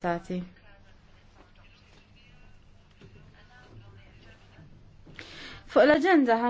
stati. Fuq l-agenda